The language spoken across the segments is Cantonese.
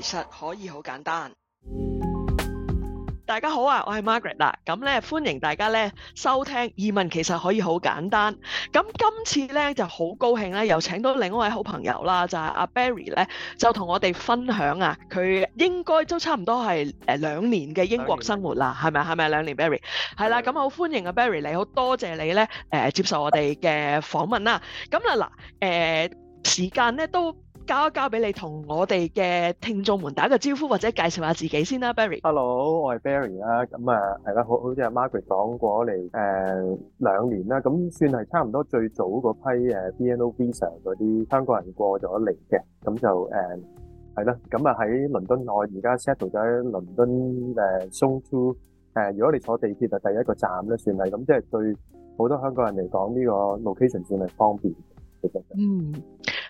其實可以好簡單。大家好啊，我係 Margaret 啦，咁咧歡迎大家咧收聽。移民其實可以好簡單。咁今次咧就好高興咧，又請到另一位好朋友啦，就係阿 Barry 咧，就同我哋分享啊，佢應該都差唔多係誒兩年嘅英國生活啦，係咪係咪兩年？Barry 係啦，咁好歡迎阿 Barry 你好多謝你咧誒接受我哋嘅訪問啦。咁啊嗱，誒時間咧都。交一交俾你同我哋嘅聽眾們打個招呼或者介紹下自己先啦，Barry。Hello，我係 Barry 啦，咁啊係啦，好好似阿 Margaret 講過嚟誒兩年啦，咁算係差唔多最早嗰批誒 BNO Visa 嗰啲香港人過咗嚟嘅，咁就誒係啦，咁啊喺倫敦我而家 settle 咗喺倫敦誒 Zone 2，誒如果你坐地鐵就第一個站咧算係，咁即係對好多香港人嚟講呢個 location 算係方便。嗯，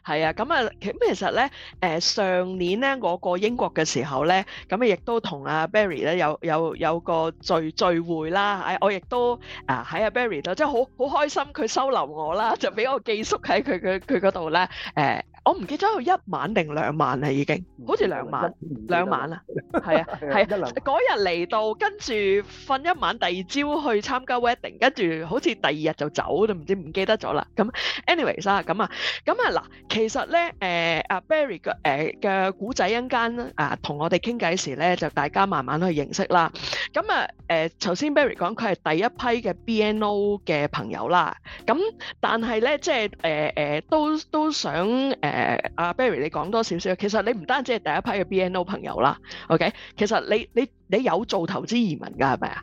係啊，咁啊，其實咧，誒、呃，上年咧我過英國嘅時候咧，咁啊，亦都同阿 Barry 咧有有有個聚聚會啦，我亦都啊喺阿、啊、Barry 度，即係好好開心佢收留我啦，就俾我寄宿喺佢佢嗰度啦，誒。呃我唔記得有一晚定兩晚啦，已經、嗯、好似兩晚兩一晚啦，係啊係啊，嗰日嚟到跟住瞓一晚，第二朝去參加 wedding，跟住好似第二日就走，都唔知唔記得咗啦。咁 anyways 啊，咁啊，咁啊嗱，其實咧誒阿 Barry 嘅誒嘅古仔一陣啊，同、呃呃、我哋傾偈時咧，就大家慢慢去認識啦。咁啊誒，頭、呃、先 Barry 講佢係第一批嘅 BNO 嘅朋友啦。咁但係咧，即係誒誒都都想誒。呃誒阿 Barry，你講多少少？其實你唔單止係第一批嘅 BNO 朋友啦，OK？其實你你你有做投資移民㗎，係咪啊？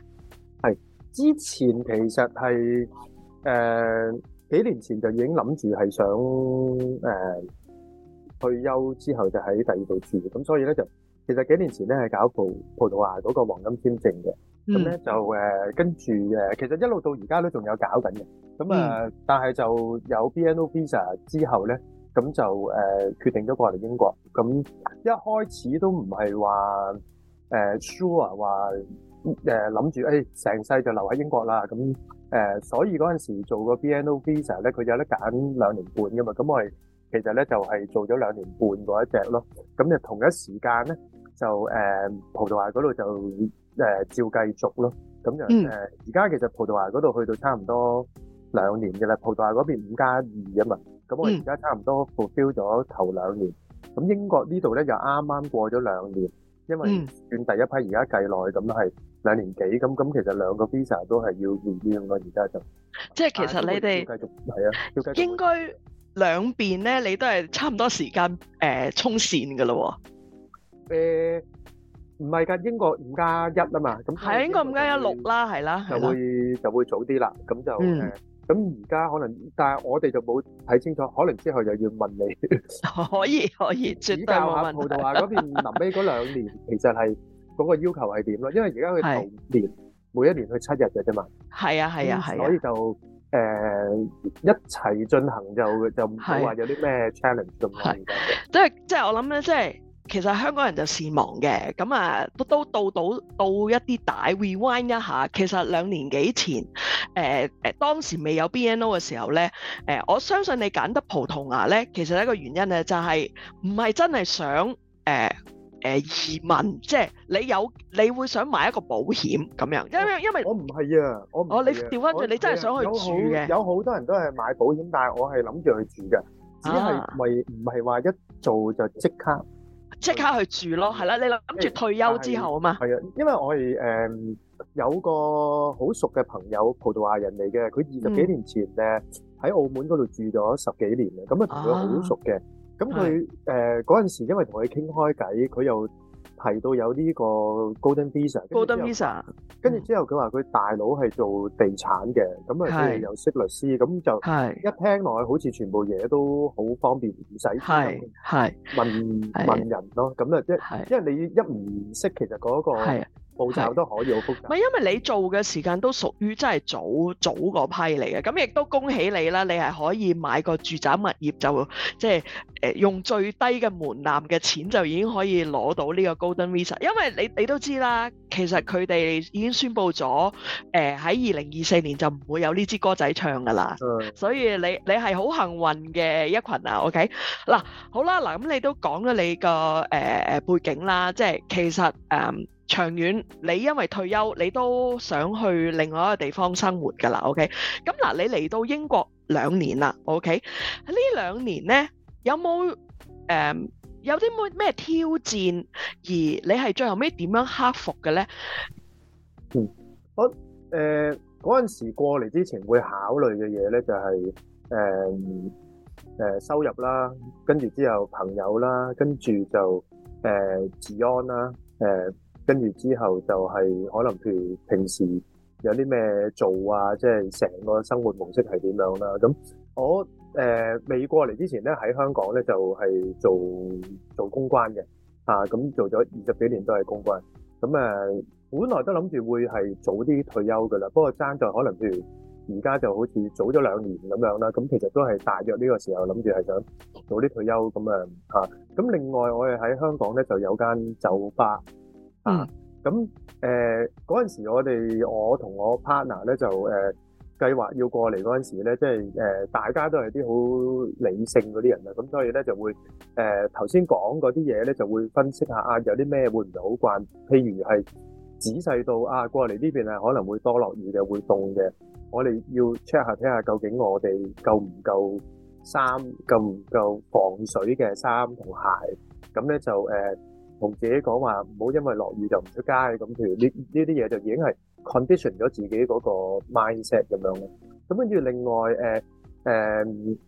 係之前其實係誒幾年前就已經諗住係想誒退休之後就喺第二度住，咁所以咧就其實幾年前咧係搞葡葡萄牙嗰個黃金簽證嘅，咁咧就誒跟住誒，其實一路到而家都仲有搞緊嘅，咁啊，但係就有 BNO Visa 之後咧。咁就誒決定咗過嚟英國，咁一開始都唔係話誒 sure 話誒諗住誒成世就留喺英國啦，咁誒所以嗰陣時做個 BNO visa 咧，佢有得揀兩年半噶嘛，咁我哋其實咧就係做咗兩年半嗰一隻咯，咁就同一時間咧就誒葡萄牙嗰度就誒照繼續咯，咁就誒而家其實葡萄牙嗰度去到差唔多兩年嘅啦，葡萄牙嗰邊五加二啊嘛。咁我而家差唔多 fulfill 咗頭兩年，咁英國呢度咧就啱啱過咗兩年，因為算第一批而家計落去，咁都係兩年幾，咁咁其實兩個 visa 都係要換呢個，而家就即係其實你哋，繼續係啊，應該兩邊咧，你都係差唔多時間誒沖線嘅咯喎。誒唔係㗎，英國五加一啊嘛，咁係英國五加一六啦，係啦，就會就會早啲啦，咁就誒。咁而家可能，但係我哋就冇睇清楚，可能之後又要問你。可以可以，指教下葡萄牙嗰邊臨尾嗰兩年，其實係嗰個要求係點咯？因為而家佢年每一年去七日嘅啫嘛。係啊係啊係啊。所以就誒一齊進行就就冇話有啲咩 challenge 咁樣。係。即係即係我諗咧，即係。其實香港人就善忘嘅，咁啊都到到到一啲大 rewind 一下。其實兩年幾前，誒、呃、誒當時未有 B N O 嘅時候咧，誒、呃、我相信你揀得葡萄牙咧，其實一個原因咧就係唔係真係想誒誒、呃呃、移民，即、就、係、是、你有你會想買一個保險咁樣，因為因為我唔係啊，我，唔係我唔係哦你調翻轉，你，我你真係想去住嘅有好有很多人都係買保險，但係我係諗住去住嘅，只係咪唔係話一做就即刻。即刻去住咯，係啦、嗯，你諗住退休之後啊嘛。係啊，因為我係誒、嗯、有個好熟嘅朋友，葡萄牙人嚟嘅，佢二十幾年前咧喺、嗯、澳門嗰度住咗十幾年啊，咁啊同佢好熟嘅，咁佢誒嗰陣時因為同佢傾開偈，佢又。提到有呢個 Golden Visa，Golden Visa，跟住之後佢話佢大佬係做地產嘅，咁啊即係有識律師，咁是 就一聽落去好似全部嘢都好方便，唔使是 問是 問人咯，咁啊即係因為你一唔識，其實嗰、嗰個。報酬都可以好是複雜，唔係因為你做嘅時間都屬於真係早早嗰批嚟嘅，咁亦都恭喜你啦！你係可以買個住宅物業就即係誒、呃、用最低嘅門檻嘅錢就已經可以攞到呢個 Golden Visa，因為你你都知啦，其實佢哋已經宣布咗誒喺二零二四年就唔會有呢支歌仔唱噶啦，嗯、所以你你係好幸運嘅一群 okay? 啊！OK 嗱好啦，嗱咁你都講咗你個誒誒背景啦，即係其實誒。呃長遠，你因為退休，你都想去另外一個地方生活㗎啦。OK，咁嗱，你嚟到英國兩年啦。OK，呢兩年咧有冇誒有啲咩咩挑戰，而你係最後尾點樣克服嘅咧？嗯，我誒嗰陣時過嚟之前會考慮嘅嘢咧，就係誒誒收入啦，跟住之後朋友啦，跟住就誒治安啦，誒。跟住之後就係可能譬如平時有啲咩做啊，即係成個生活模式係點樣啦。咁我誒未過嚟之前咧喺香港咧就係做做公關嘅，啊咁做咗二十幾年都係公關。咁誒本來都諗住會係早啲退休噶啦，不過爭在可能譬如而家就好似早咗兩年咁樣啦。咁其實都係大約呢個時候諗住係想早啲退休咁樣嚇。咁另外我哋喺香港咧就有間酒吧。啊，咁誒嗰陣時，我哋我同我 partner 咧就誒計劃要過嚟嗰陣時咧，即係誒大家都係啲好理性嗰啲人啦，咁所以咧就會誒頭先講嗰啲嘢咧就會分析下啊，有啲咩會唔係好慣，譬如係仔細到啊過嚟呢邊啊可能會多落雨嘅，會凍嘅，我哋要 check 下睇下究竟我哋夠唔夠衫，夠唔夠防水嘅衫同鞋，咁咧就誒。同自己講話唔好因為落雨就唔出街咁，譬如呢呢啲嘢就已經係 condition 咗自己嗰個 mindset 咁樣咯。咁跟住另外誒誒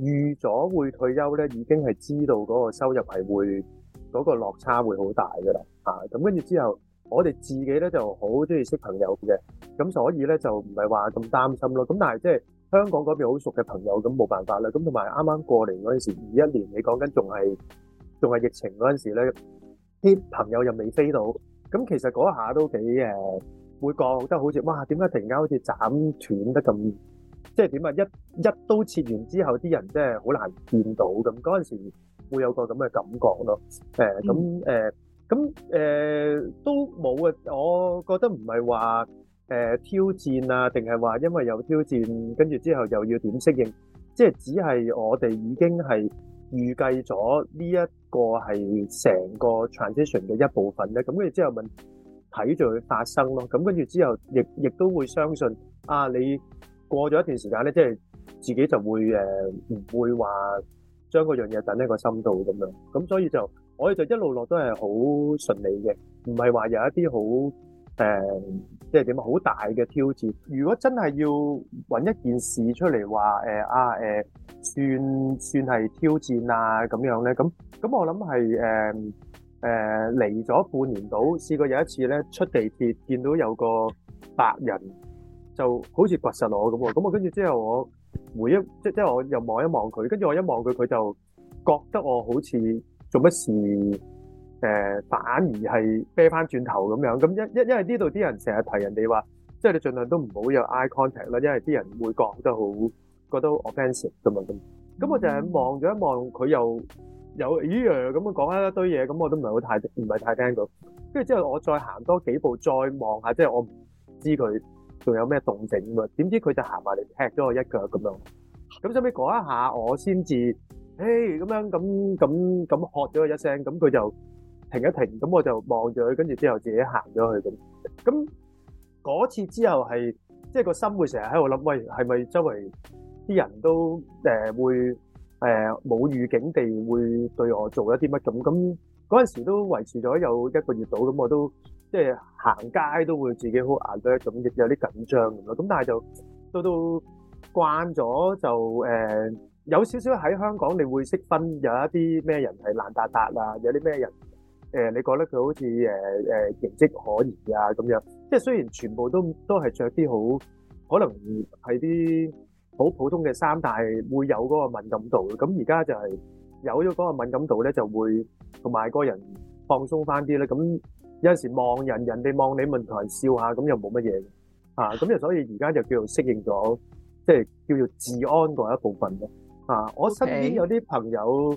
預咗會退休咧，已經係知道嗰個收入係會嗰個落差會好大噶啦。嚇！咁跟住之後，我哋自己咧就好鍾意識朋友嘅，咁所以咧就唔係話咁擔心咯。咁但係即係香港嗰邊好熟嘅朋友，咁冇辦法啦。咁同埋啱啱過嚟嗰陣時，二一年你講緊仲係仲係疫情嗰陣時咧。啲朋友又未飛到，咁其實嗰下都幾誒，會覺得好似哇，點解突然間好似斬斷得咁，即係點啊？一一刀切完之後，啲人真係好難見到咁。嗰陣時會有個咁嘅感覺咯。誒、嗯，咁誒，咁誒、呃、都冇啊！我覺得唔係話誒挑戰啊，定係話因為有挑戰，跟住之後又要點適應？即、就、係、是、只係我哋已經係。預計咗呢一個係成個 transition 嘅一部分咧，咁跟住之後咪睇住佢發生咯，咁跟住之後亦亦都會相信啊，你過咗一段時間咧，即係自己就會誒唔會話將嗰樣嘢等喺個深度咁樣，咁所以就我哋就一路落都係好順利嘅，唔係話有一啲好。誒，即係點啊？好大嘅挑戰。如果真係要揾一件事出嚟，話誒啊，誒，算算係挑戰啊，咁樣咧。咁咁，我諗係誒誒，嚟咗半年度，試過有一次咧，出地鐵見到有個白人，就好似掘實我咁喎。咁我跟住之後，我回憶即即係我又望一望佢，跟住我一望佢，佢就覺得我好似做乜事。誒反而係啤翻轉頭咁樣，咁一一因為呢度啲人成日提人哋話，即係你儘量都唔好有 eye contact 啦，因為啲人會覺得好覺得 offensive 噶嘛咁。咁我就係望咗一望，佢又又咦咁樣講咗一堆嘢，咁我都唔係好太唔係太聽到。跟住之後我再行多幾步，再望下，即係我唔知佢仲有咩動靜嘛。點知佢就行埋嚟踢咗我一腳咁樣。咁收尾講一下，我先至誒咁樣咁咁咁喝咗佢一聲，咁佢就。停一停，咁我就望住佢，跟住之後自己行咗去咁。咁嗰次之後係，即係個心會成日喺度諗，喂，係咪周圍啲人都誒會誒冇預警地會對我做一啲乜咁？咁嗰陣時都維持咗有一個月到，咁我都即係行街都會自己好眼咧，咁亦有啲緊張咁咯。咁但係就都都慣咗就誒，有少少喺香港，你會識分有一啲咩人係爛達達啊，有啲咩人。誒，你覺得佢好似誒誒，形跡可疑啊咁樣？即係雖然全部都都係著啲好，可能係啲好普通嘅衫，但係會有嗰個敏感度嘅。咁而家就係有咗嗰個敏感度咧，就會同埋個人放鬆翻啲咧。咁有陣時望人，人哋望你同人笑下，咁又冇乜嘢啊。咁又所以而家就叫做適應咗，即係叫做治安嘅一部分嘅。啊，我身邊有啲朋友。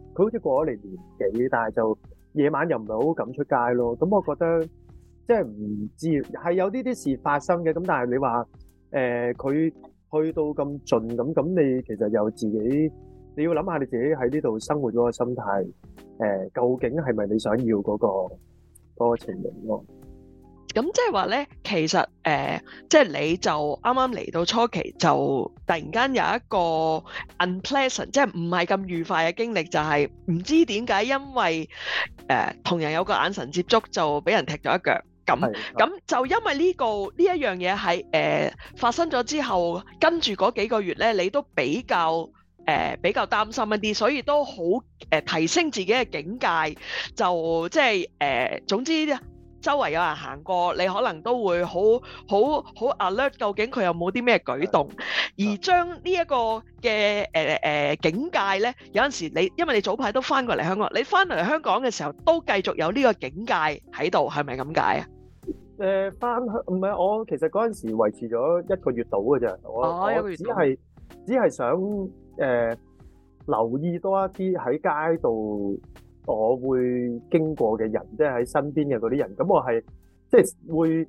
佢好似過咗嚟年幾，但係就夜晚又唔係好敢出街咯。咁我覺得即係唔知係有呢啲事發生嘅。咁但係你話佢、呃、去到咁盡咁，咁你其實又自己你要諗下你自己喺呢度生活咗個心態、呃、究竟係咪你想要嗰個嗰個情形咯？咁即係話咧，其實誒、呃，即係你就啱啱嚟到初期，就突然間有一個 unpleasant，即係唔係咁愉快嘅經歷，就係、是、唔知點解，因為誒、呃、同人有個眼神接觸就俾人踢咗一腳咁。咁的就因為呢、呢個呢一樣嘢係誒發生咗之後，跟住嗰幾個月咧，你都比較誒、呃、比較擔心一啲，所以都好誒、呃、提升自己嘅境界，就即係誒、呃、總之。周圍有人行過，你可能都會好好好 alert，究竟佢有冇啲咩舉動？而將呢一個嘅誒誒警戒咧，有陣時你因為你早排都翻過嚟香港，你翻嚟香港嘅時候都繼續有呢個警戒喺度，係咪咁解啊？誒，翻去唔係我其實嗰陣時維持咗一個月到嘅啫，我一個月只係只係想誒留意多一啲喺街度。我會經過嘅人，即係喺身邊嘅嗰啲人，咁我係即係會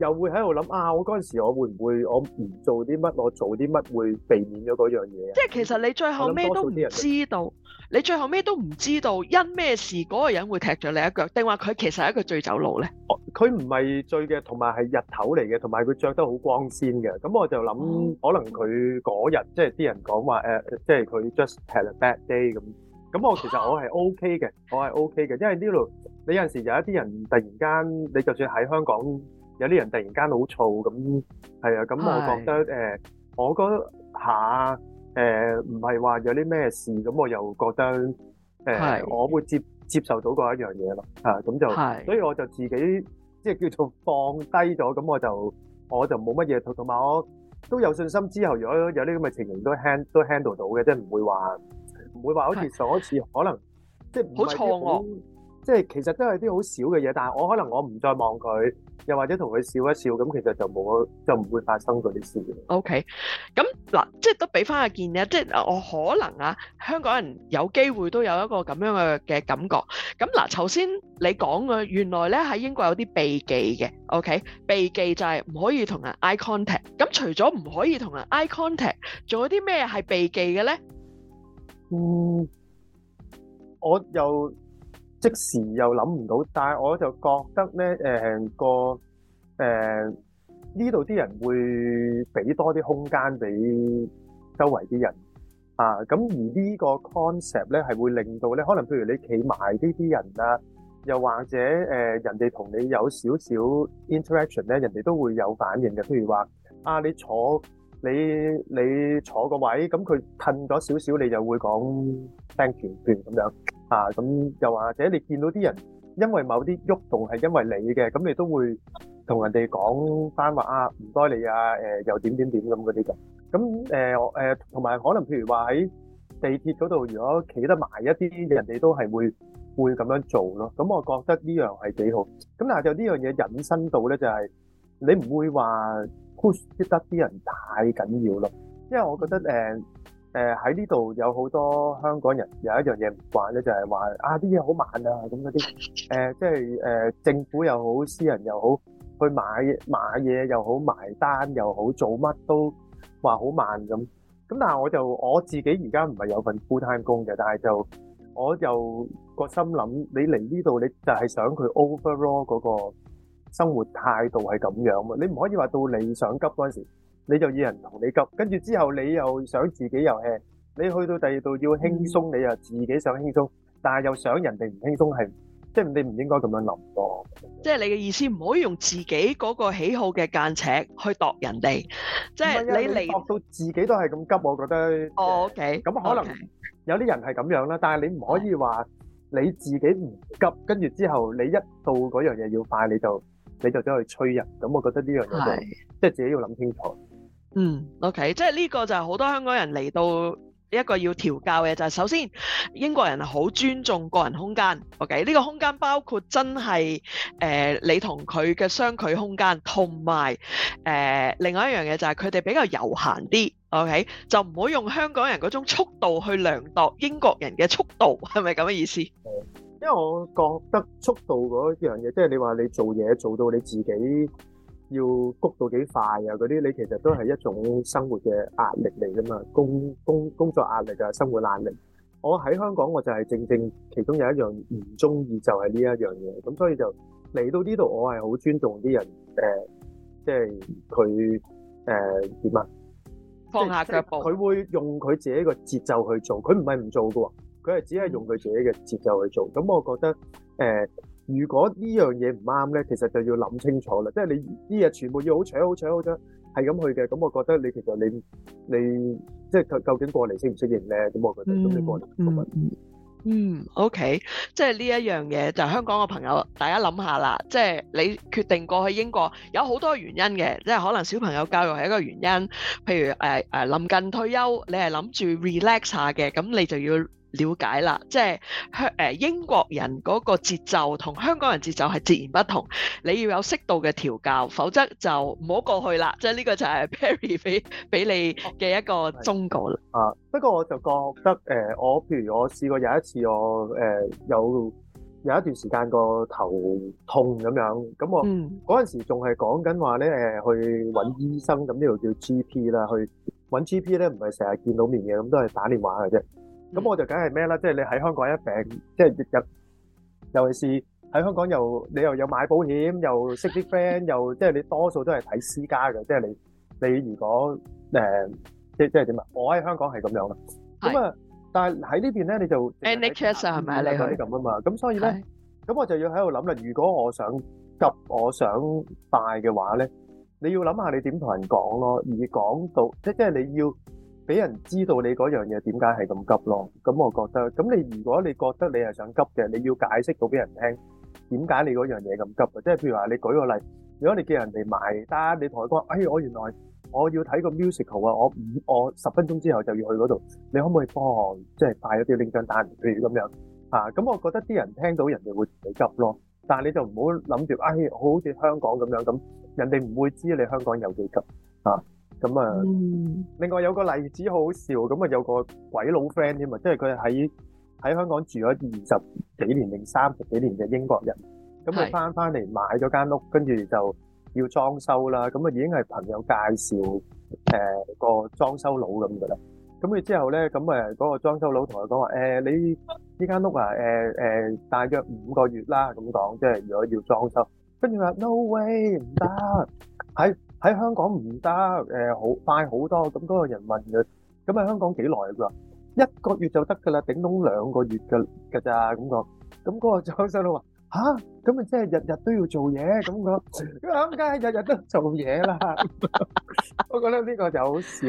又會喺度諗啊，我嗰陣時我會唔會我唔做啲乜，我做啲乜會避免咗嗰樣嘢啊？即係其實你最後咩都唔知道，你最後咩都唔知道，因咩事嗰個人會踢咗你一腳，定話佢其實係一個醉酒佬咧？佢唔係醉嘅，同埋係日頭嚟嘅，同埋佢著得好光鮮嘅。咁我就諗，可能佢嗰日即係啲人講話誒，即係佢 just had a bad day 咁。咁我其實我係 OK 嘅，我係 OK 嘅，因為呢度你有陣時有一啲人突然間，你就算喺香港有啲人突然間好燥。咁，係啊，咁我覺得誒的、呃，我嗰下誒唔係話有啲咩事，咁我又覺得誒，呃、的我會接接受到嗰一樣嘢咯，咁就的所以我就自己即係叫做放低咗，咁我就我就冇乜嘢，同埋我都有信心，之後如果有啲咁嘅情形都 handle 都 handle 到嘅，即係唔會話。唔會話好似上一次，可能即係唔好錯，即係其實都係啲好少嘅嘢。但係我可能我唔再望佢，又或者同佢笑一笑，咁其實就冇，就唔會發生嗰啲事。OK。咁嗱，即係都俾翻個建議，即係我可能啊，香港人有機會都有一個咁樣嘅嘅感覺。咁嗱，頭先你講嘅原來咧喺英國有啲避忌嘅。OK。避忌就係唔可以同人 eye contact。咁除咗唔可以同人 eye contact，仲有啲咩係避忌嘅咧？嗯，我又即時又諗唔到，但係我就覺得咧，誒、呃、個誒呢度啲人會俾多啲空間俾周圍啲人啊，咁、啊、而呢個 concept 咧係會令到咧，可能譬如你企埋呢啲人啊，又或者誒、呃、人哋同你有少少 interaction 咧，人哋都會有反應嘅，譬如話啊你坐，你你坐個位咁佢褪咗少少，你就會講 thank you 咁樣啊。咁又或者你見到啲人因為某啲喐動係因為你嘅，咁你都會同人哋講翻話啊，唔該你啊，誒又點點點咁嗰啲嘅。咁誒誒，同埋可能譬如話喺地鐵嗰度，如果企得埋一啲嘅人哋都係會會咁樣做咯。咁我覺得呢樣係幾好。咁但係就呢樣嘢引申到咧，就係你唔會話。push 啲得啲人太緊要咯，因為我覺得誒誒喺呢度有好多香港人有一樣嘢唔慣咧，就係話啊啲嘢好慢啊咁嗰啲誒，即係誒政府又好，私人又好，去買買嘢又好，埋單又好，做乜都話好慢咁。咁但係我就我自己而家唔係有份 fulltime 工嘅，但係就我就個心諗你嚟呢度你就係想佢 overall 嗰個。生活態度係咁樣嘛？你唔可以話到你想急嗰陣時，你就要人同你急，跟住之後你又想自己又輕。你去到第二度要輕鬆，你又自己想輕鬆，但係又想人哋唔輕鬆係，即係你唔應該咁樣諗咯。即係你嘅意思唔可以用自己嗰個喜好嘅間尺去度人哋，即係你嚟到自己都係咁急，我覺得。哦，OK，咁可能有啲人係咁樣啦，但係你唔可以話你自己唔急，跟住之後你一到嗰樣嘢要快你就。你就走去催人，咁我覺得呢樣嘢即係自己要諗清楚。嗯，OK，即係呢個就係好多香港人嚟到一個要調教嘅嘢就係、是、首先英國人好尊重個人空間。OK，呢個空間包括真係誒、呃、你同佢嘅相距空間，同埋誒另外一樣嘢就係佢哋比較悠閒啲。OK，就唔好用香港人嗰種速度去量度英國人嘅速度，係咪咁嘅意思？嗯。因為我覺得速度嗰樣嘢，即係你話你做嘢做到你自己要谷到幾快啊嗰啲，你其實都係一種生活嘅壓力嚟㗎嘛，工工工作壓力就係生活壓力。我喺香港我就係正正其中有一樣唔鍾意就係呢一樣嘢，咁所以就嚟到呢度，我係好尊重啲人，誒，即係佢誒點啊，放下腳步，佢會用佢自己個節奏去做，佢唔係唔做㗎喎。佢係只係用佢自己嘅節奏去做，咁我覺得誒，如果呢樣嘢唔啱咧，其實就要諗清楚啦。即係你呢日全部要好搶好搶好搶係咁去嘅，咁我覺得你其實你你即係究究竟過嚟適唔適應咧？咁我覺得咁你過嚟咁啊，嗯，OK，即係呢一樣嘢就香港嘅朋友，大家諗下啦。即係你決定過去英國，有好多原因嘅，即係可能小朋友教育係一個原因，譬如誒誒臨近退休，你係諗住 relax 下嘅，咁你就要。了解啦，即係香誒英國人嗰個節奏同香港人節奏係截然不同。你要有適度嘅調教，否則就唔好過去啦。即係呢個就係 Barry 俾俾你嘅一個忠告啦。啊，不過我就覺得誒、呃，我譬如我試過有一次我，我、呃、誒有有一段時間個頭痛咁樣，咁我嗰陣、嗯、時仲係講緊話咧誒，去揾醫生咁呢度叫 GP 啦，去揾 GP 咧唔係成日見到面嘅，咁都係打電話嘅啫。咁我就梗係咩啦？即係你喺香港一病，即係日日，尤其是喺香港又你又有買保險，又識啲 friend，又即係你多數都係睇私家嘅。即係你你如果誒即即係點啊？我喺香港係咁樣咯。咁啊，但係喺呢邊咧你就 Anxious 係咪啊？你嗰啲咁啊嘛。咁所以咧，咁我就要喺度諗啦。如果我想急、我想快嘅話咧，你要諗下你點同人講咯，而講到即即係你要。俾人知道你嗰樣嘢點解係咁急咯，咁我覺得，咁你如果你覺得你係想急嘅，你要解釋到俾人聽點解你嗰樣嘢咁急啊！即係譬如話，你舉個例，如果你叫人哋買單，你同佢講，哎，我原來我要睇個 musical 啊，我五我十分鐘之後就要去嗰度，你可唔可以幫即係快一啲拎張單譬如咁樣？嚇，咁我覺得啲人聽到人哋會自己急咯，但係你就唔好諗住，哎，好似香港咁樣咁，人哋唔會知你香港有幾急啊！咁啊，另外有個例子好好笑，咁啊有個鬼佬 friend 添啊，即係佢喺喺香港住咗二十幾年定三十幾年嘅英國人，咁佢翻翻嚟買咗間屋，跟住就要裝修啦，咁啊已經係朋友介紹誒個裝修佬咁噶啦，咁佢之後咧，咁啊嗰個裝修佬同佢講話誒，你呢間屋啊誒誒大約五個月啦，咁講，即係如果要裝修，跟住話 No way，唔得，係。喺香港唔得，誒好快好多咁，嗰個人問佢，咁喺香港幾耐㗎？一個月就得㗎啦，頂多兩個月㗎㗎咋咁講。咁嗰個張生都話吓，咁啊即係日日都要做嘢咁講，咁梗係日日都做嘢啦。我覺得呢個就好笑。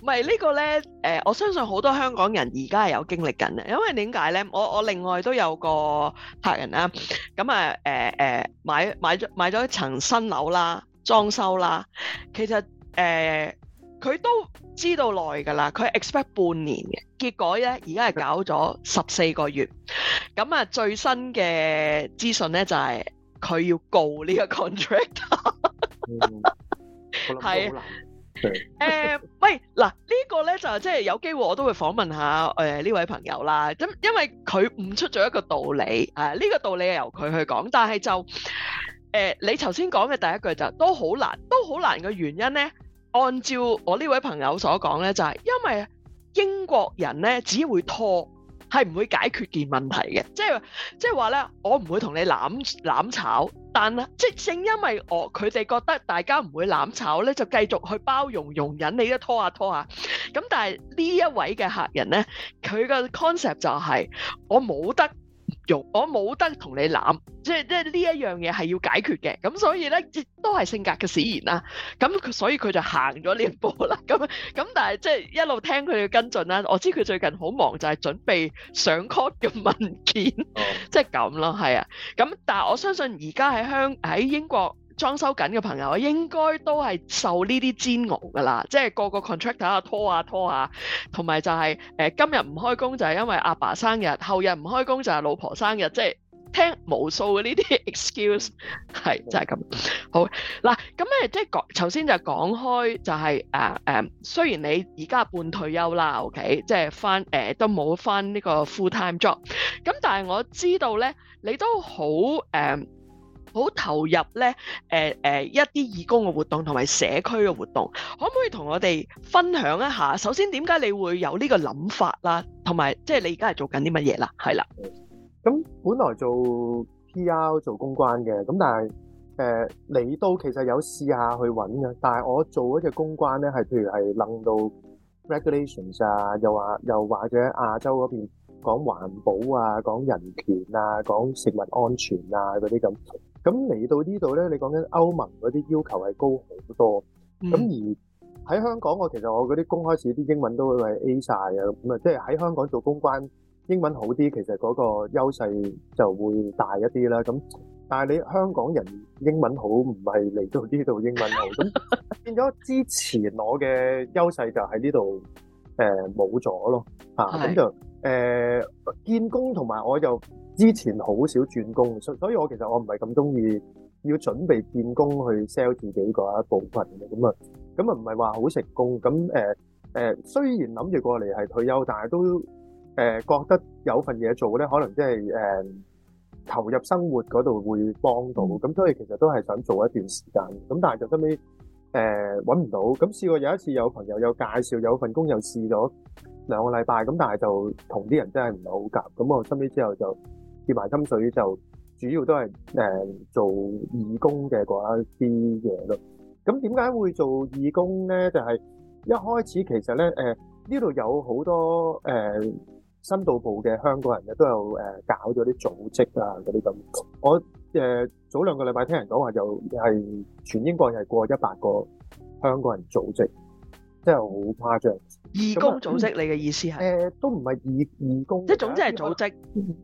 唔係呢個咧，誒我相信好多香港人而家係有經歷緊嘅，因為點解咧？我我另外都有個客人啦，咁啊誒誒買買咗買咗一層新樓啦。裝修啦，其實誒佢、呃、都知道耐㗎啦，佢 expect 半年嘅，結果咧而家係搞咗十四個月，咁啊最新嘅資訊咧就係、是、佢要告呢個 contractor，係，喂，嗱呢、這個咧就即係有機會我都會訪問一下誒呢、呃、位朋友啦，咁因為佢悟出咗一個道理啊，呢、這個道理係由佢去講，但係就。誒、呃，你頭先講嘅第一句就都好難，都好難嘅原因呢，按照我呢位朋友所講呢，就係因為英國人呢，只會拖，係唔會解決件問題嘅，即係即係話呢，我唔會同你攬攬炒，但即正因為我佢哋覺得大家唔會攬炒呢，就繼續去包容容忍你都拖下、啊、拖下、啊，咁但係呢一位嘅客人呢，佢個 concept 就係、是、我冇得。不用我冇得同你攬，即係即係呢一樣嘢係要解決嘅，咁所以咧亦都係性格嘅使然啦、啊。咁所以佢就行咗呢一步啦。咁咁但係即係一路聽佢嘅跟進啦。我知佢最近好忙，就係、係、準備上 court 嘅文件，即係咁咯，係啊。咁但係我相信而家喺香喺英國。裝修緊嘅朋友應該都係受呢啲煎熬噶啦，即係個個 contractor 拖下拖下，同埋就係誒今日唔開工就係因為阿爸生日，後日唔開工就係老婆生日，即係聽無數嘅呢啲 excuse，係就係咁。好嗱，咁咧即係講，頭先就係講開就係誒誒，雖然你而家半退休啦，OK，即係返誒都冇返呢個 full time job，咁但係我知道咧，你都好誒。好投入咧，誒、呃、誒、呃，一啲義工嘅活動同埋社區嘅活動，可唔可以同我哋分享一下？首先，點解你會有呢個諗法啦？同埋，即係你而家係做緊啲乜嘢啦？係啦、嗯，咁本來做 PR 做公關嘅，咁但係誒、呃，你都其實有試下去揾嘅，但係我做嗰隻公關咧，係譬如係楞到 regulations 啊，又話又或者亞洲嗰邊講環保啊，講人權啊，講食物安全啊嗰啲咁。那些咁嚟到呢度咧，你講緊歐盟嗰啲要求係高好多，咁而喺香港我其實我嗰啲公開試啲英文都係 A 曬啊咁啊，即係喺香港做公關英文好啲，其實嗰個優勢就會大一啲啦。咁但係你香港人英文好，唔係嚟到呢度英文好，咁變咗之前我嘅優勢就喺呢度誒冇咗咯啊，係啊。咁就。誒見工同埋，我又之前好少轉工，所所以我其實我唔係咁中意要準備見工去 sell 自己嘅一部分嘅咁啊，咁啊唔係話好成功咁誒誒，雖然諗住過嚟係退休，但係都誒覺得有份嘢做咧，可能即係誒投入生活嗰度會幫到，咁所以其實都係想做一段時間，咁但係就後尾誒揾唔到，咁試過有一次有朋友又介紹有份工又試咗。兩個禮拜咁，但係就同啲人真係唔係好夾，咁我收尾之後就結埋心水，就主要都係誒做義工嘅嗰一啲嘢咯。咁點解會做義工咧？就係一開始其實咧，誒呢度有好多誒新到埗嘅香港人咧，都有誒搞咗啲組織啊嗰啲咁。我誒早兩個禮拜聽人講話，又係全英國又係過一百個香港人組織，真係好誇張。義工組織，你嘅意思係？誒，都唔係義義工，總之即係組織，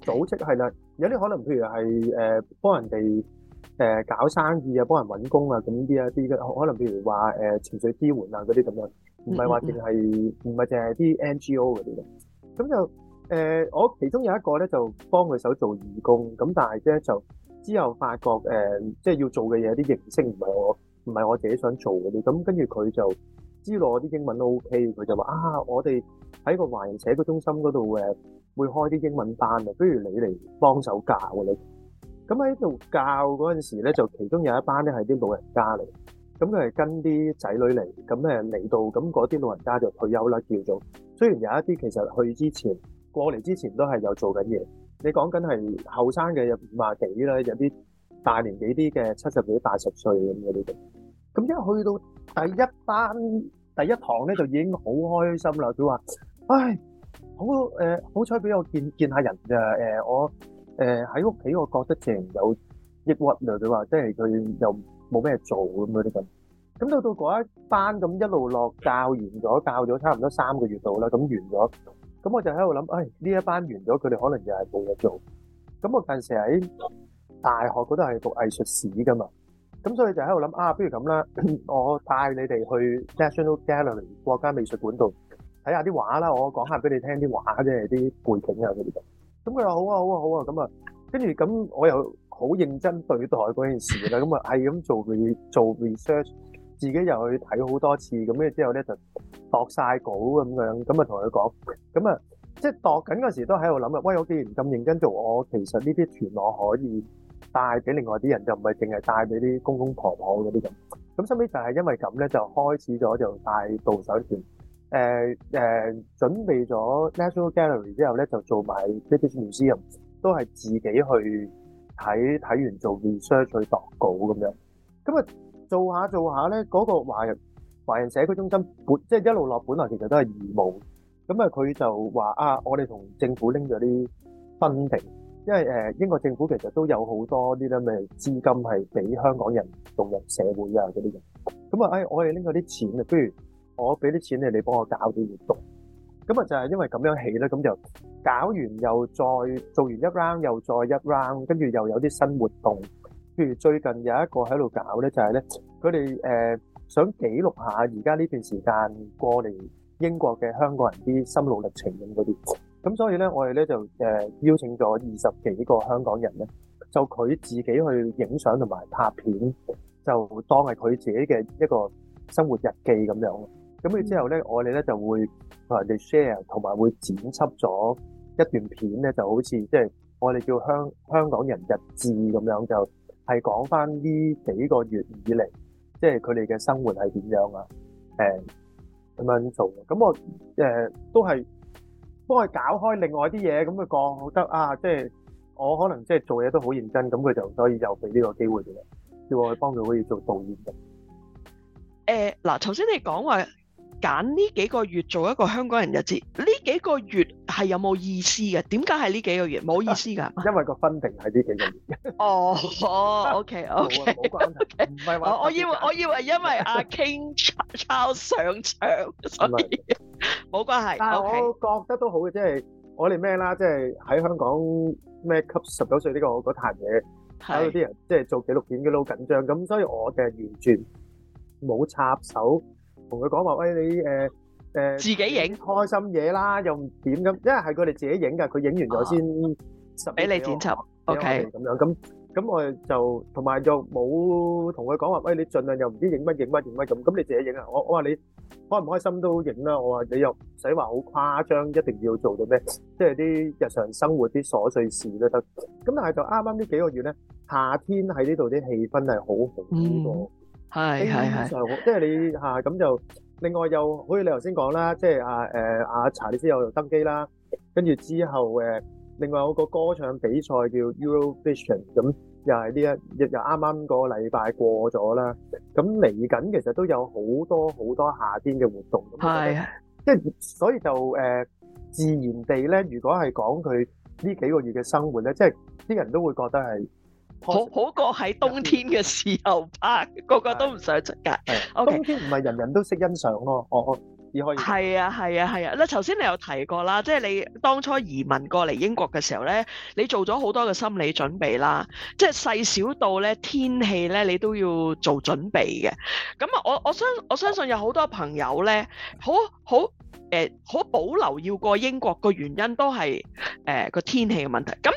組織係啦。有啲可能，譬如係誒幫人哋誒搞生意啊，幫人揾工啊，咁啲一啲嘅可能，譬如話誒情緒支援啊嗰啲咁樣，唔係話淨係唔係淨係啲 NGO 嗰啲咯。咁就誒，我其中有一個咧，就幫佢手做義工，咁但係咧就之後發覺誒，即係要做嘅嘢啲形式唔係我唔係我自己想做嗰啲，咁跟住佢就。知咯，啲英文都 OK，佢就話啊，我哋喺個華人社區中心嗰度誒，會開啲英文班啊，不如你嚟幫手教你。咁喺度教嗰陣時咧，就其中有一班咧係啲老人家嚟，咁佢係跟啲仔女嚟，咁誒嚟到，咁嗰啲老人家就退休啦，叫做。雖然有一啲其實去之前過嚟之前都係有做緊嘢，你講緊係後生嘅有五十幾啦，有啲大年紀啲嘅七十幾八十歲咁嗰啲嘅，咁一去到。第一班第一堂咧就已經好開心啦！佢話：，唉，好誒，好彩俾我見見下人咋誒！我誒喺屋企，我覺得竟然有抑鬱啊！佢話：，即係佢又冇咩做咁嗰啲咁。咁到到嗰一班咁一路落教完咗，教咗差唔多三個月度啦，咁完咗。咁我就喺度諗：，唉，呢一班完咗，佢哋可能又係冇嘢做。咁我嗰陣時喺大學嗰度係讀藝術史㗎嘛。咁所以就喺度諗啊，不如咁啦，我帶你哋去 National Gallery 國家美術館度睇下啲畫啦，我講下俾你聽啲畫，即係，啲背景啊嗰啲。咁佢話好啊，好啊，好啊，咁啊，跟住咁我又好認真對待嗰件事啦，咁啊係咁做 research，自己又去睇好多次，咁跟住之後咧就度曬稿咁樣，咁啊同佢講，咁啊即係度緊嗰時都喺度諗啊，喂，我既然咁認真做，我其實呢啲傳我可以。帶俾另外啲人，就唔係淨係帶俾啲公公婆婆嗰啲咁。咁收尾就係因為咁咧，就開始咗就帶導賞團，誒誒準備咗 National Gallery 之後咧，就做埋 British Museum，都係自己去睇，睇完做 research 去度稿咁樣，咁啊做下做下咧，嗰個華人華人社區中心本即係一路落本來，其實都係義務，咁啊佢就話啊，我哋同政府拎咗啲申請。因為誒英國政府其實都有好多啲咧咪資金係俾香港人融入社會啊嗰啲嘅，咁啊誒我哋拎咗啲錢啊，不如我俾啲錢你，你幫我搞啲活動，咁啊就係因為咁樣起咧，咁就搞完又再做完一 round 又再一 round，跟住又有啲新活動，譬如最近有一個喺度搞咧，就係咧佢哋誒想記錄下而家呢段時間過嚟英國嘅香港人啲心路歷程咁嗰啲。咁所以咧，我哋咧就誒邀請咗二十幾個香港人咧，就佢自己去影相同埋拍片，就當係佢自己嘅一個生活日記咁樣。咁之後咧，我哋咧就會同人哋 share，同埋會剪輯咗一段片咧，就好似即係我哋叫香香港人日誌咁樣，就係講返呢幾個月以嚟，即係佢哋嘅生活係點樣啊？誒咁樣做。咁我誒都係。幫佢搞開另外啲嘢，咁佢講好得啊！即係我可能即係做嘢都好認真，咁佢就所以就俾呢個機會嘅，叫我去幫佢可以做導演嘅。誒嗱、欸，頭先你講話。揀呢幾個月做一個香港人日節，呢幾個月係有冇意思嘅？點解係呢幾個月冇意思㗎？因為個 funding 係呢幾個月。哦哦，OK OK OK，唔、okay. 係 okay.、Oh, 我以為我以為因為阿 King Charles 上場，所以冇 關係。但係 Okay. 我覺得都好嘅，即、就、係、是、我哋咩啦，即係喺香港咩級十九歲呢、這個嗰壇嘢，搞是到啲人即係、就是、做紀錄片嘅都好緊張。咁所以我哋完全冇插手。同佢講話，喂，你誒誒自己影開心嘢啦，又唔點咁，因為係佢哋自己影噶，佢影完就先俾你剪輯，OK，咁樣咁咁我就同埋又冇同佢講話，喂，你儘量又唔知影乜影乜影乜咁，咁你自己影啊，我我話你開唔開心都影啦，我話你又唔使話好誇張，一定要做到咩？即係啲日常生活啲瑣碎事都得。咁但係就啱啱呢幾個月咧，夏天喺呢度啲氣氛係好好多。係係係，即係你嚇咁，就另外又好似你頭先講啦，即係啊誒阿查理斯又登基啦，跟住之後誒另外有個歌唱比賽叫 Eurovision，咁又係呢一日又啱啱個禮拜過咗啦，咁嚟緊其實都有好多好多夏天嘅活動，係即係所以就誒自然地咧，如果係講佢呢幾個月嘅生活咧，即係啲人都會覺得係。好好過喺冬天嘅時候拍，個個都唔想出街。冬天唔係人人都識欣賞咯，我我只可以。係啊係啊係啊！嗱，頭先你有提過啦，即係你當初移民過嚟英國嘅時候咧，你做咗好多嘅心理準備啦，即係細小到咧天氣咧，你都要做準備嘅。咁啊，我我相我相信有好多朋友咧，好好誒，好保留要過英國個原因都係誒個天氣嘅問題。咁。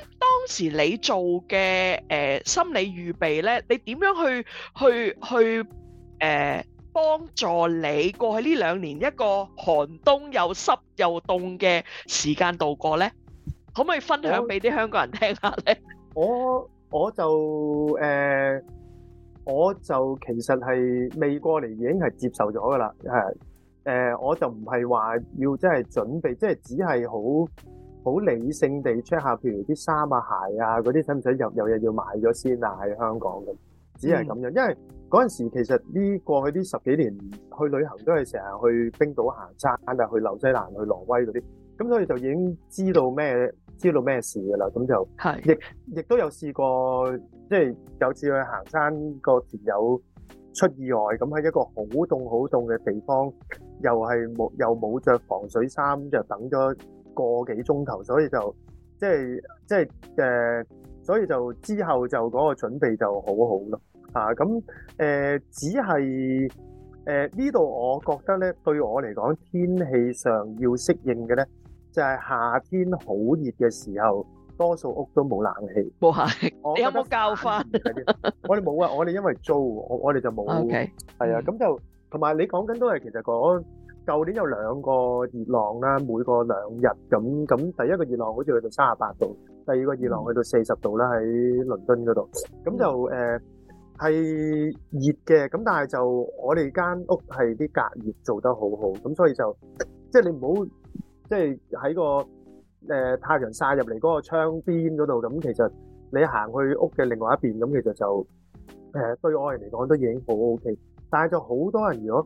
時你做嘅誒心理預備呢，你點樣去去去誒幫助你過去呢兩年一個寒冬又濕又凍嘅時間度過呢？可唔可以分享俾啲香港人聽下呢？我我就誒，我就其實係未過嚟已經係接受咗噶啦，係誒，我就唔係話要即係準備，即係只係好。好理性地 check 下，譬如啲衫啊、鞋啊嗰啲使唔使入？又又要買咗先啊！喺香港咁，只係咁樣，因為嗰陣時其實呢過去呢十幾年去旅行都係成日去冰島行山啊，去紐西蘭、去挪威嗰啲，咁所以就已經知道咩知道咩事噶啦。咁就係亦亦都有試過，即係有次去行山個團友出意外，咁喺一個好凍好凍嘅地方，又係冇又冇著防水衫，就等咗。個幾鐘頭，所以就即係即係誒，所以就之後就嗰個準備就好好咯嚇。咁誒只係誒呢度，我覺得咧對我嚟講，天氣上要適應嘅咧，就係夏天好熱嘅時候，多數屋都冇冷氣。冇係，你有冇教法？我哋冇啊！我哋因為租，我我哋就冇。OK，係啊，咁就同埋你講緊都係其實講。舊年有兩個熱浪啦，每個兩日咁咁，第一個熱浪好似去到三十八度，第二個熱浪去到四十度啦，喺倫敦嗰度，咁就誒係熱嘅，咁但係就我哋間屋係啲隔熱做得好好，咁所以就即係你唔好即係喺個誒太陽曬入嚟嗰個窗邊嗰度，咁其實你行去屋嘅另外一邊，咁其實就誒對外人嚟講都已經好 OK，但係就好多人如果。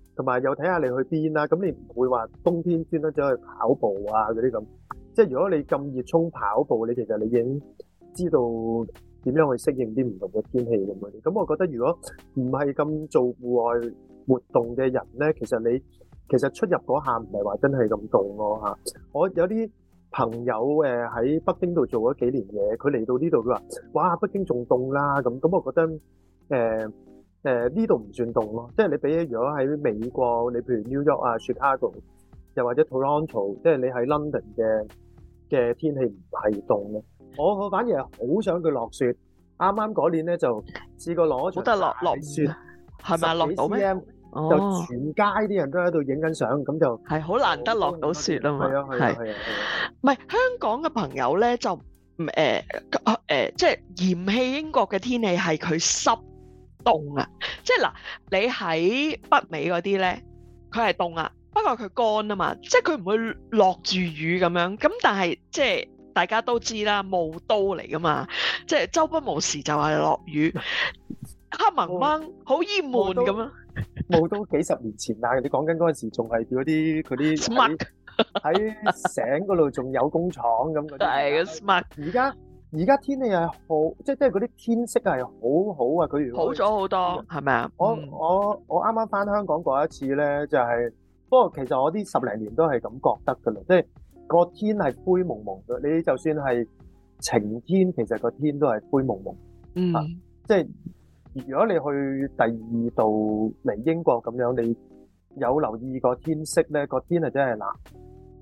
同埋又睇下你去邊呀，咁你唔會話冬天先得走去跑步啊嗰啲咁，即係如果你咁熱衷跑步，你其實你已經知道點樣去適應啲唔同嘅天氣咁嗰啲。咁我覺得如果唔係咁做戶外活動嘅人咧，其實你其實出入嗰下唔係話真係咁凍咯嚇。我有啲朋友誒喺北京度做咗幾年嘢，佢嚟到呢度佢話：哇，北京仲凍啦咁。咁我覺得誒。誒呢度唔算凍咯，即係你比如果喺美國，你譬如 New York 啊、Chicago，又或者 Toronto，即係你喺 London 嘅嘅天氣唔係凍嘅。我我反而係好想佢落雪。啱啱嗰年咧就試過攞好得落落雪，係咪落到咩？就全街啲人都喺度影緊相，咁就係好難得落到雪啊嘛。係啊係啊係啊！唔係香港嘅朋友咧就唔誒誒，即係嫌棄英國嘅天氣係佢濕。凍啊！即係嗱，你喺北美嗰啲咧，佢係凍啊，不過佢乾啊嘛，即係佢唔會落住雨咁樣。咁但係即係大家都知啦，霧都嚟噶嘛，即係周不無時就係落雨，黑蒙蒙，好陰悶咁樣。霧都幾十年前啊， 你講緊嗰陣時仲係嗰啲嗰啲喺喺城嗰度仲有工廠咁啲。係 smart 而家。 而家天氣係好，即係即係嗰啲天色係好好啊！佢如好咗好多，係咪啊？我我我啱啱翻香港過一次咧，就係、是、不過其實我啲十零年都係咁覺得噶啦，即係個天係灰蒙蒙，嘅。你就算係晴天，其實個天都係灰蒙蒙。嗯，啊、即係如果你去第二度嚟英國咁樣，你有留意個天色咧，個天係真係藍，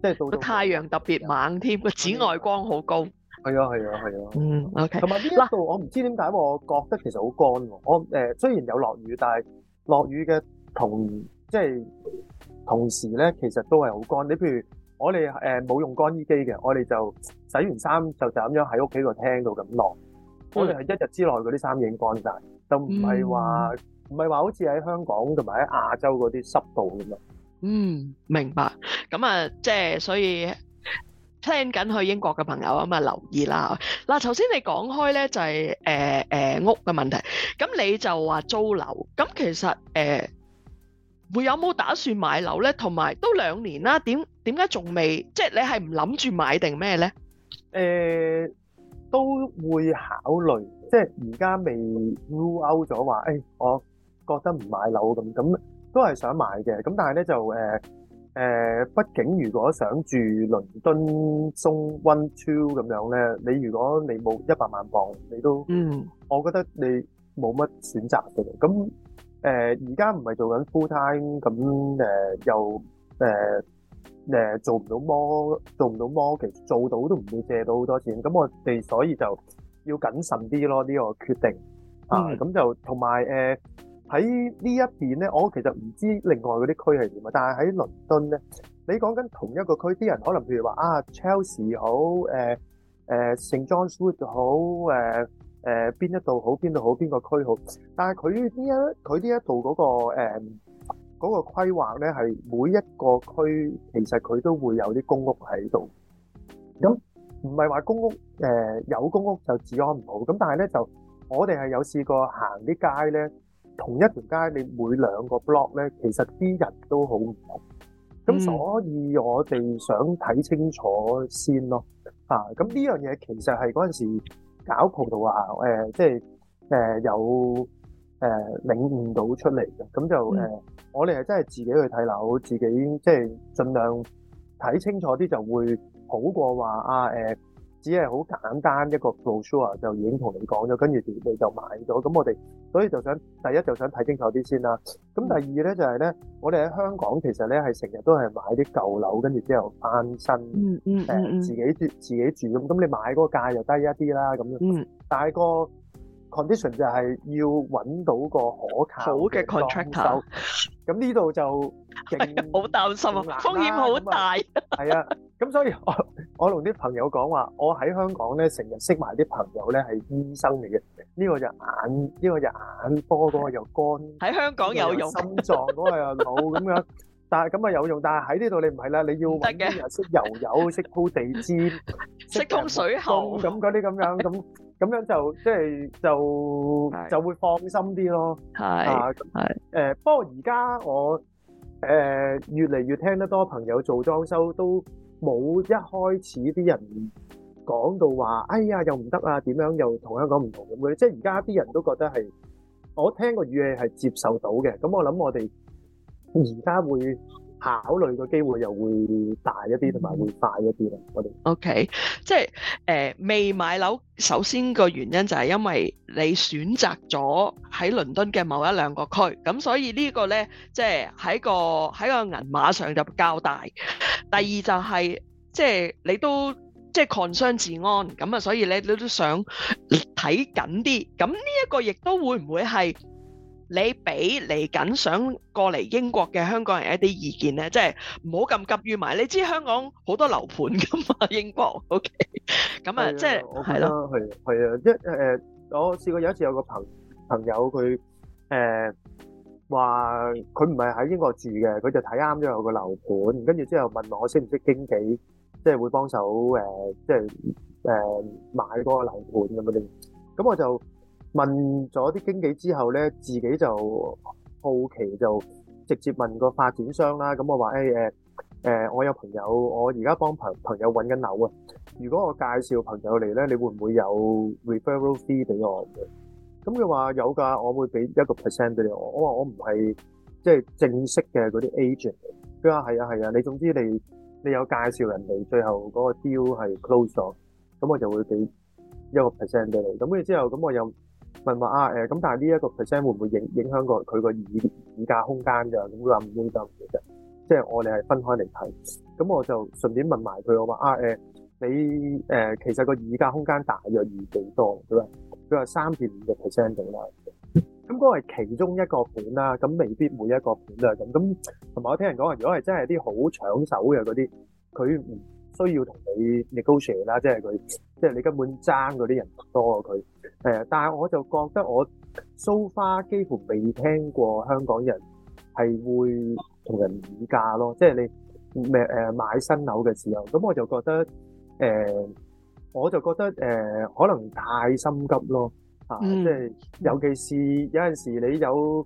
即係到個太陽特別猛添，個紫、嗯、外光好高。係啊，係啊，係啊。嗯，OK。同埋呢度，我唔知點解，我覺得其實好乾。我誒，雖然有落雨，但係落雨嘅同即係同時咧，其實都係好乾。你譬如我哋誒冇用乾衣機嘅，我哋就洗完衫就就咁樣喺屋企個廳度咁晾。我哋係一日之內嗰啲衫影乾晒，就唔係話唔係話好似喺香港同埋喺亞洲嗰啲濕度咁樣。嗯，明白。咁啊，即係所以。plan 緊去英國嘅朋友啊嘛，留意啦！嗱，頭先你講開咧就係誒誒屋嘅問題，咁你就話租樓，咁其實誒會有冇打算買樓咧？同埋都兩年啦，點點解仲未？即係你係唔諗住買定咩咧？誒都會考慮，即係而家未 rule out 咗話，誒我覺得唔買樓咁，咁都係想買嘅，咁但係咧就誒。誒，畢竟如果想住倫敦，one one two 咁樣咧，你如果你冇一百萬磅，你都，嗯，我覺得你冇乜選擇嘅。咁誒，而家唔係做緊 full time，咁誒又誒誒做唔到 mort 做唔到 mortgage，其實做到都唔會借到好多錢。咁我哋所以就要謹慎啲咯，呢個決定啊，咁就同埋誒。喺呢一邊咧，我其實唔知另外嗰啲區係點啊！但係喺倫敦咧，你講緊同一個區，啲人可能譬如話啊，Chelsea 好，誒誒，St. John's Wood 好，誒誒，邊一度好，邊度好，邊個區好？但係佢呢一佢呢一度嗰個誒嗰個規劃咧，係每一個區其實佢都會有啲公屋喺度。咁唔係話公屋誒有公屋就治安唔好咁，但係咧就我哋係有試過行啲街咧。同一條街，你每兩個 block 咧，其實啲人都好唔同，咁所以我哋想睇清楚先咯，嚇！咁呢樣嘢其實係嗰陣時搞葡萄牙，誒即係誒有誒領悟到出嚟嘅，咁就誒我哋係真係自己去睇樓，自己即係盡量睇清楚啲就會好過話啊誒。只係好簡單一個 brochure 就已經同你講咗，跟住你就買咗。咁我哋所以就想第一就想睇清楚啲先啦。咁第二咧就係咧，我哋喺香港其實咧係成日都係買啲舊樓，跟住之後翻新，誒自己住自己住咁。咁你買嗰個價就低一啲啦。咁樣，但係個 condition 就係要揾到個可靠嘅 contractor。咁呢度就好擔心啊，風險好大。係啊。咁所以，我我同啲朋友講話，我喺香港咧，成日識埋啲朋友咧係醫生嚟嘅。呢個就眼，呢個就眼科，又肝喺香港有用，心臟嗰個又腦咁樣。但係咁啊有用，但係喺呢度你唔係啦，你要揾啲又識油油，識鋪地氈，識通水喉咁嗰啲咁樣咁，咁樣就即係就就會放心啲咯。係係誒，不過而家我誒越嚟越聽得多朋友做裝修都。冇一開始啲人講到話，哎呀又唔得啊，點樣又同香港唔同咁嘅，即係而家啲人都覺得係，我聽個語氣係接受到嘅，咁我諗我哋而家會考慮嘅機會又會大一啲，同埋會快一啲咯。我哋 OK，即係誒未買樓，首先個原因就係因為你選擇咗喺倫敦嘅某一兩個區，咁所以呢個咧，即係喺個喺個銀碼上就較大。第二就係即係你都即係 concern 治安咁啊，所以你你都想睇緊啲。咁呢一個亦都會唔會係，你俾嚟緊想過嚟英國嘅香港人一啲意見咧，即係唔好咁急於埋。你知香港好多樓盤㗎嘛？英國，OK，咁啊，即係係咯，係係啊。一誒，我試過有一次有個朋朋友佢誒話佢唔係喺英國住嘅，佢就睇啱咗有個樓盤，跟住之後問我識唔識經紀，即係會幫手誒，即係誒買嗰個樓盤咁樣。咁我就。問咗啲經紀之後咧，自己就好奇就直接問個發展商啦。咁我話：誒誒誒，我有朋友，我而家幫朋朋友揾緊樓啊。如果我介紹朋友嚟咧，你會唔會有 referral fee 俾我嘅？咁佢話有㗎，我會俾一個 percent 俾你。我我話我唔係即係正式嘅嗰啲 agent。佢話：係啊係啊，你總之你你有介紹人嚟，最後嗰個 deal 係 close 咗，咁我就會俾一個 percent 俾你。咁跟住之後，咁我又。問話啊誒，咁但係呢一個 percent 會唔會影影響過佢個議議價空間㗎？咁佢話唔應得嘅啫，即係我哋係分開嚟睇。咁我就順便問埋佢我話啊誒，你誒、呃、其實個議價空間大約係幾多？佢話佢話三至五個 percent 到啦。咁嗰個係其中一個盤啦，咁未必每一個盤啊咁咁。同埋我聽人講話，如果係真係啲好搶手嘅嗰啲，佢唔需要同你 negotiate 啦，即係佢。即係你根本爭嗰啲人多過佢，誒，但係我就覺得我 so far 幾乎未聽過香港人係會同人議價咯，即係你咩誒買新樓嘅時候，咁我就覺得誒，我就覺得誒，可能太心急咯，啊，即係尤其是有陣時你有。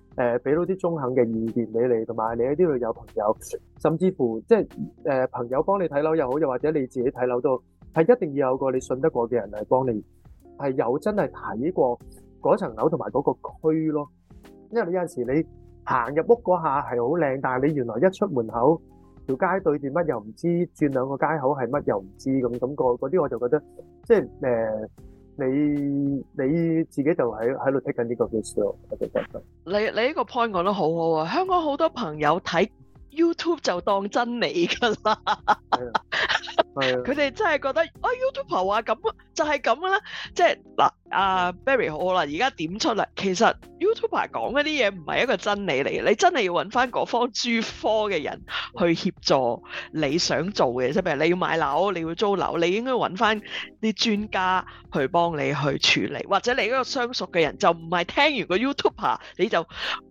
誒俾到啲中肯嘅意見俾你，同埋你喺呢度有朋友，甚至乎即係誒朋友幫你睇樓又好，又或者你自己睇樓都係一定要有個你信得過嘅人嚟幫你，係有真係睇過嗰層樓同埋嗰個區咯。因為你有陣時你行入屋嗰下係好靚，但係你原來一出門口條街對住乜又唔知，轉兩個街口係乜又唔知咁，咁個嗰啲我就覺得即係誒。你你自己就喺喺度睇緊呢個嘅 skill，我覺得。你你呢個 point 講得好好啊！香港好多朋友睇 YouTube 就當真理噶啦， 佢哋真係覺得啊，YouTuber 話咁就係咁啦，即係嗱，阿 Barry 好啦，而家點出嚟？其實 YouTuber 講嗰啲嘢唔係一個真理嚟嘅，你真係要揾翻嗰方專科嘅人去協助你想做嘅嘢。譬如你要買樓，你要租樓，你應該揾翻啲專家去幫你去處理，或者你嗰個相熟嘅人就唔係聽完個 YouTuber，你就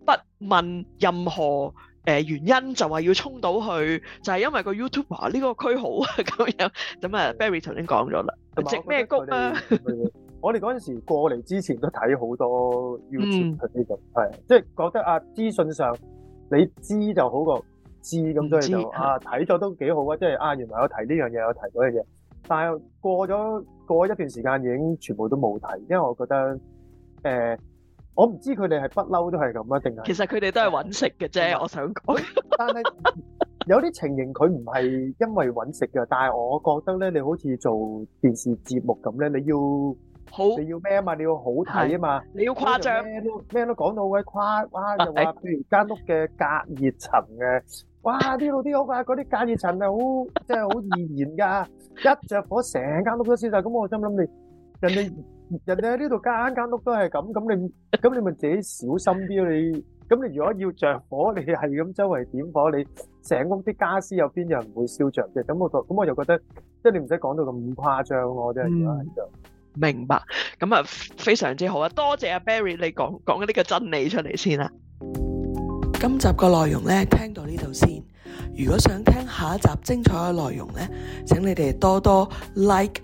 不問任何。誒原因就話要衝到去，就係、是、因為個 YouTuber 呢個區號啊咁樣。咁啊，Barry 頭先講咗啦，食咩谷啊？我哋嗰陣時過嚟之前都睇好多 YouTube 呢啲咁，即係、嗯就是、覺得啊，資訊上你知就好過知，咁所以就啊睇咗都幾好啊。即係、就是、啊，原來有提呢樣嘢，有提嗰樣嘢。但係過咗過一段時間，已經全部都冇睇，因為我覺得誒。呃我唔知佢哋係不嬲都係咁啊，定係？其實佢哋都係揾食嘅啫，我想講。但係有啲情形佢唔係因為揾食嘅，但係我覺得咧，你好似做電視節目咁咧，你要好，你要咩啊嘛？你要好睇啊嘛？你要誇張？咩都咩都講到好鬼誇，哇！又話譬如間屋嘅隔熱層嘅，哇！呢度啲屋啊，嗰啲隔熱層啊，好即係好易燃噶，一着火成間屋都燒晒，咁我心諗你人哋。人哋喺呢度間間屋都係咁，咁你咁你咪自己小心啲咯。你咁你如果要着火，你係咁周圍點火，你成屋啲家私有邊人唔會燒着嘅。咁我咁我就覺得，即係你唔使講到咁誇張咯，真係。明白。咁啊，非常之好啊，多謝阿 Barry 你講講呢個真理出嚟先啦。今集嘅內容咧，聽到呢度先。如果想聽下一集精彩嘅內容咧，請你哋多多 like。